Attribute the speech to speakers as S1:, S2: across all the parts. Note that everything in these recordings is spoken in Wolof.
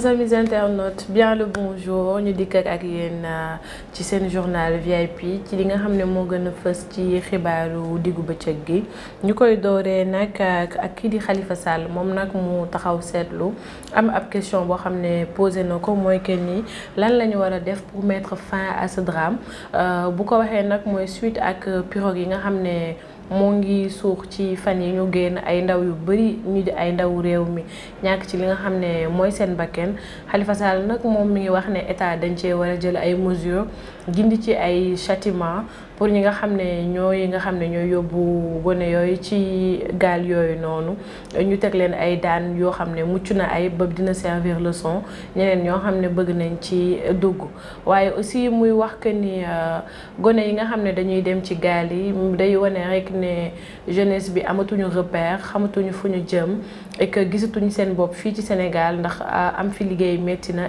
S1: chers amis internautes bien le bonjour ñu dikk ak yéen euh, ci seen journal VIP ci li nga xam ne moo gën a fës ci xibaaru diggu bëccëg gi ñu koy dooree nag ak kii di Khalifa Sall moom nag mu taxaw seetlu am ap question bo xam ne posé na ko mooy que ni lan la ñu def pour mettre fin à ce drame euh, bu ko waxee nag mooy suite ak pirogue yi nga xam moo ngi suux ci fan yi ñu génn ay ndaw yu bëri ñu di ay ndaw réew mi ñàkk ci li nga xam ne mooy seen bakken Khalifa Sall nag moom mi ngi wax ne état dañ cee war a jël ay mesures gindi ci ay châtiment pour ñi nga xam ne ñoo yi nga xam ne ñooy yóbbu gone yooyu ci gaal yooyu noonu ñu teg leen ay daan yoo xam ne mucc na ay ba dina servir leçon ñeneen ñoo xam ne bëgg nañ ci dugg waaye aussi muy wax que ni euh, gone yi nga xam ne dañuy dem ci gaal yi day wane rek ne jeunesse bi amatuñu repère xamatuñu fu ñu jëm et que gisatuñu seen bopp fii ci Sénégal ndax euh, am fi liggéey métti na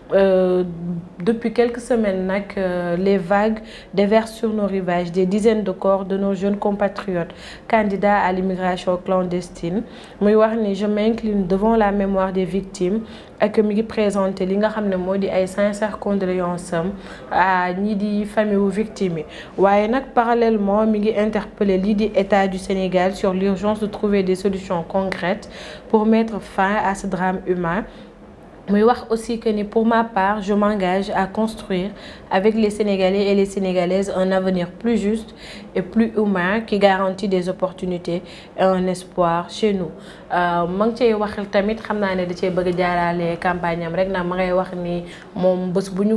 S1: Euh, depuis quelques semaines, euh, les vagues déversent sur nos rivages des dizaines de corps de nos jeunes compatriotes candidats à l'immigration clandestine. je m'incline devant la mémoire des victimes et que présente présente li nga sincères condoléances à ñi famille victimes parallèlement je interpelle l'état du Sénégal sur l'urgence de trouver des solutions concrètes pour mettre fin à ce drame humain. Mais wax aussi que ni pour ma part je m'engage à construire avec les Sénégalais et les Sénégalaises un avenir plus juste et plus humain qui garantit des opportunités et un espoir chez nous Je euh, ngi cay wax tamit da campagne Je rek na wax ni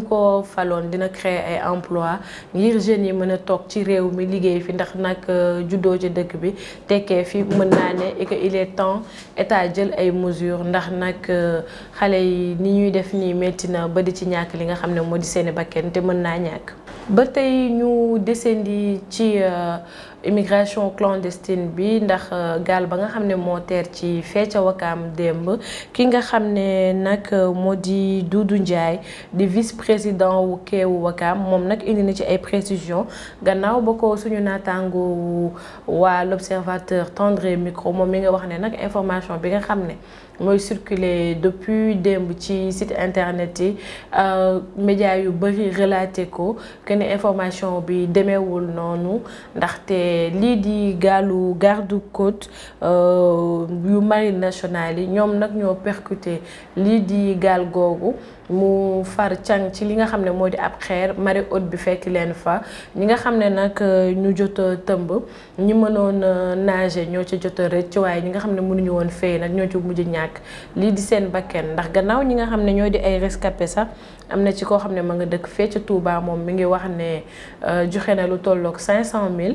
S1: dina créer un emploi ngir jeunes yi mën a toog ci réew mi liggéey fi ndax euh, ci dëkk bi fi et que il est temps état jël ay mesures ndax euh, ni ñuy def nii métti na ba di ci ñàkk li nga xam ne moo di seeni bakken te mën naa ñàkk ba tey ñu desandi ci euh, immigration clandestine bi ndax euh, gal ba nga xamné mo moo ci fee ca Wakaam ki nga xamné nak euh, modi Doudou ndjay di vice-président wu keewu wakam mom nak indi na ci ay précisions gannaaw bako suñu naataango wa l'Observateur tendre micro mom mi nga waxné nak information bi nga xamné moy mooy circuler depuis demb ci site internet yi euh média yu bari relaté ko que ne information bi demeewul noonu ndaxte. lii di gaalu garde côte euh, yu mari nationale yi ñoom nag ñoo percuté lii di gaal googu mu far càng ci li nga xam ne moo di ab xeer mari haute bi fekk leen fa ñi nga xam ne nag euh, ñu jot a tëmb ñi mënoon euh, nager ñoo ci jot a rëcc waaye nga xam ne mënuñu woon fay nag ñoo ci mujj ñàkk lii di seen bakken ndax gannaaw ñi nga xam ne ñoo di ay rescapé sax am na ci koo xam ne ma nga dëkk fee ca Touba moom mi ngi wax ne joxe na lu tolloog 500000.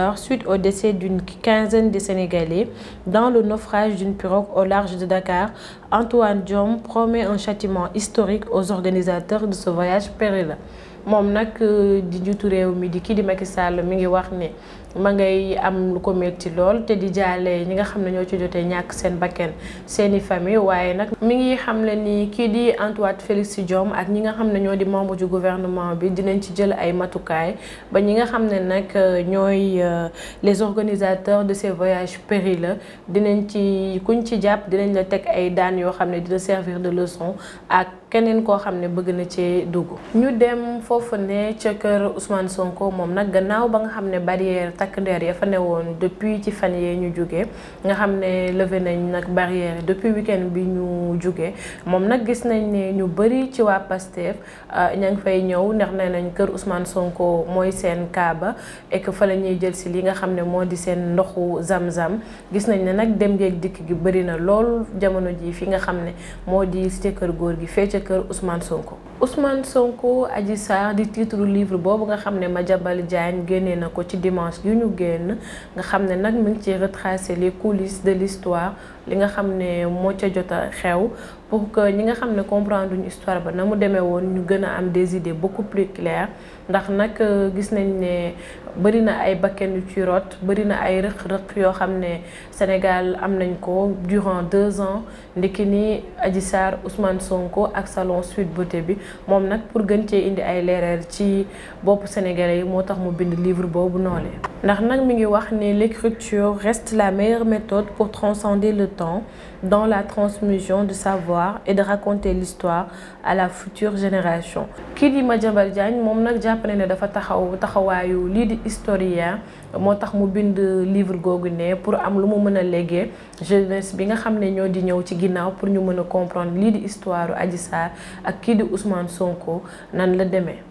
S1: suite au décès d'une quinzaine de Sénégalais dans le naufrage d'une pirogue au large de Dakar, Antoine Diom promet un châtiment historique aux organisateurs de ce voyage périlleux mangay am lu ko metti lol te di jale ñi nga xamne ñoo ci jotee ñak seen bakken seeni famille waye nak mi ngi xam ne ni kii di Antoine Félix Diome ak ñi nga xamne ñoo di membre du gouvernement bi dinañ ci jël ay matukaay ba ñi nga xamne nak euh, ñoy euh, les organisateurs de ces voyages périlleux dinañ ci kuñ ci jàpp dinañ la tek ay daan yo xamne ne dina servir de leçon ak keneen ko xamne bëgg na ci dugg ñu dem fofu ne ci kër Ousmane Sonko mom nak gannaaw ba nga xamne barrière takk ndeer ya fa newoon depuis ci fan yee ñu jóge nga xam ne leve nañ nag barrière depuis week-end bi ñu jóge moom nag gis nañ ne ñu bëri ci waa Pastef ah, ña fay ñëw ndax ne nañ kër Ousmane Sonko mooy seen kaaba et fa la ñuy jël si li nga xam ne moo di seen ndoxu sam sam gis nañ ne nag dem geeg dikk gi bëri na lool jamono jii fi nga xam ne moo di ca kër góor gi fee ca kër Ousmane Sonko Ousmane Sonko di titre livre boobu nga xam ne Madiambal Diagne génnee nous ñu génn nga xam ne retracer les coulisses de l'histoire li nga xam ne moo ca jot a xew pour que ñi nga xam ne comprendre une histoire ba na mu demee woon ñu gën a am des idées beaucoup plus claires ndax nag euh, gis nañ ne bëri na ay bakken yu ci rot bëri na ay rëq-rëq yoo xam ne Sénégal am nañ ko durant deux ans ndiki ni Adji Sarr Ousmane Sonko ak salon Suite Beauté bi moom nag pour gën cee indi ay leeral ci boppu sénégalais yi moo tax mu bind livre boobu noole ndax nag mi ngi wax ni l'écriture reste la meilleure méthode pour transcender le temps dans la transmission de savoir et de raconter l'histoire à la future génération qui dit Madiambal Diagne moom japonais jàpp pas ne dafa taxaw taxawaayu di historien moo mu bind livre googu pour am mon mu je a sais jeunesse bi nga xam ne ñoo di ci pour ñu mën comprendre l'histoire di histoire Adji Sarr ak Ousmane Sonko nan la deme.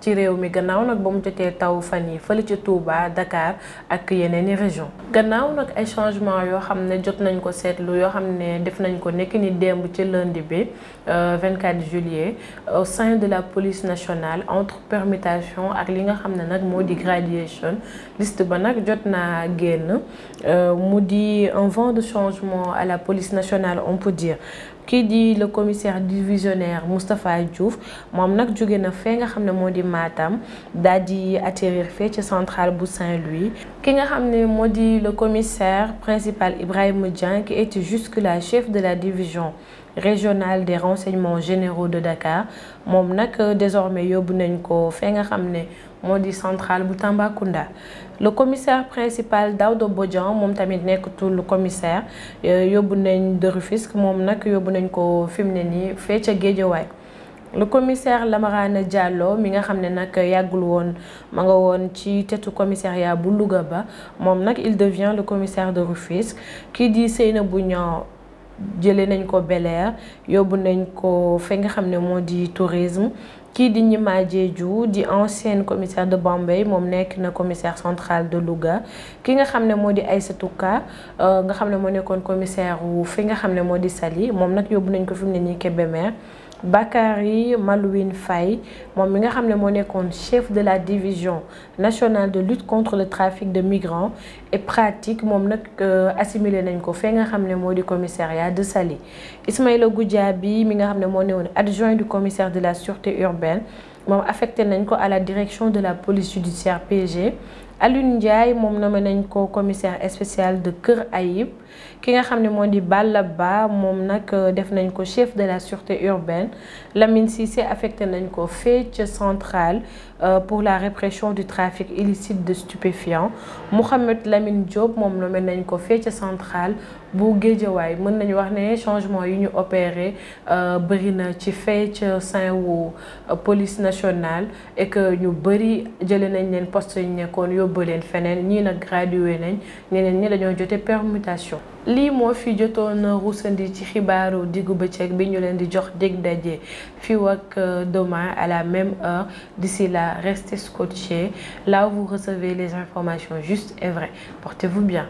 S1: ci réew mi gannaaw nag ba mu jotee taw fan yi fële ci Touba Dakar ak yeneen i région gannaaw nag ay changement yoo xam ne jot nañ ko seetlu yoo xam ne def nañ ko nekk ni démb ci lundi bi 24 euh, juillet au sein de la police nationale entre permutation ak li nga xam ne nag moo di graduation liste ba nag jot naa génn euh, mu di un vent de changement à la police nationale on peut dire qui di le commissaire divisionnaire Mustapha Diouf mom nak jóge na fee nga xamné ne Matam dadi atterrir fee ci centrale bu Saint-Louis ki nga xamné modi le commissaire principal Ibrahim Dieng qui était jusque-là chef de la division régionale des renseignements généraux de Dakar mom nak euh, désormais yobou nañ ko fee nga xamné modi centrale bu Tambacounda le commissaire principal Daouda Bodjan mom tamit tout le commissaire euh, yobou nañ de Rufisque mom nak yobou nañ ko fi ni ne nii fee ca le commissaire Lamarane Diallo mi nga xam nak yagul won ma nga won ci tetu commissariat bu Louga ba mom nak il devient le commissaire de Rufisque qui di Seyna Niang jëlee nañ ko Bel Air yóbbu nañ ko fe nga xam ne di tourisme kii di Gnima di ancienne commissaire de Bombay mom nek na commissaire central de Louga ki nga xamné modi moo di Aïssatou euh, nga xamné mo moo commissaire wu fi nga xamné modi Sali mom nak moom nañ ko fimné ni ne nii Bakary Malouine Faye membre suis le chef de la division nationale de lutte contre le trafic de migrants et pratique membre euh, suis assimilé nañ ko commissariat de Sali. Ismaïla Goudjabi, je suis adjoint du commissaire de la sûreté urbaine suis affecté à la direction de la police judiciaire PG Alioune Ndiaye moom nommé nañ ko commissaire spécial de Kër Ayib ki nga xam ne Balaba, di Balla euh, def nañ ko chef de la sûreté urbaine Lamine Cissé affecté nañ ko fee centrale euh, pour la répression du trafic illicite de stupéfiants Mohamed Lamine Diop moom nommé nañ ko fee ca centrale bu Géejawaay mën nañu wax changement yi ñu opéré euh, bëri na ci fee ca wu police nationale et que ñu bëri jëlee nañ leen poste yi yóbbu leen feneen ñii nag gradué nañ ñeneen ñi dañoo jote permutation li mo fi jotoon roussandi ci xibaaru digu bëccëg bi ñu leen di jox dig daje fi wak euh, demain à la même heure d'ici là restez scotché. là où vous recevez les informations justes et vraies portez-vous bien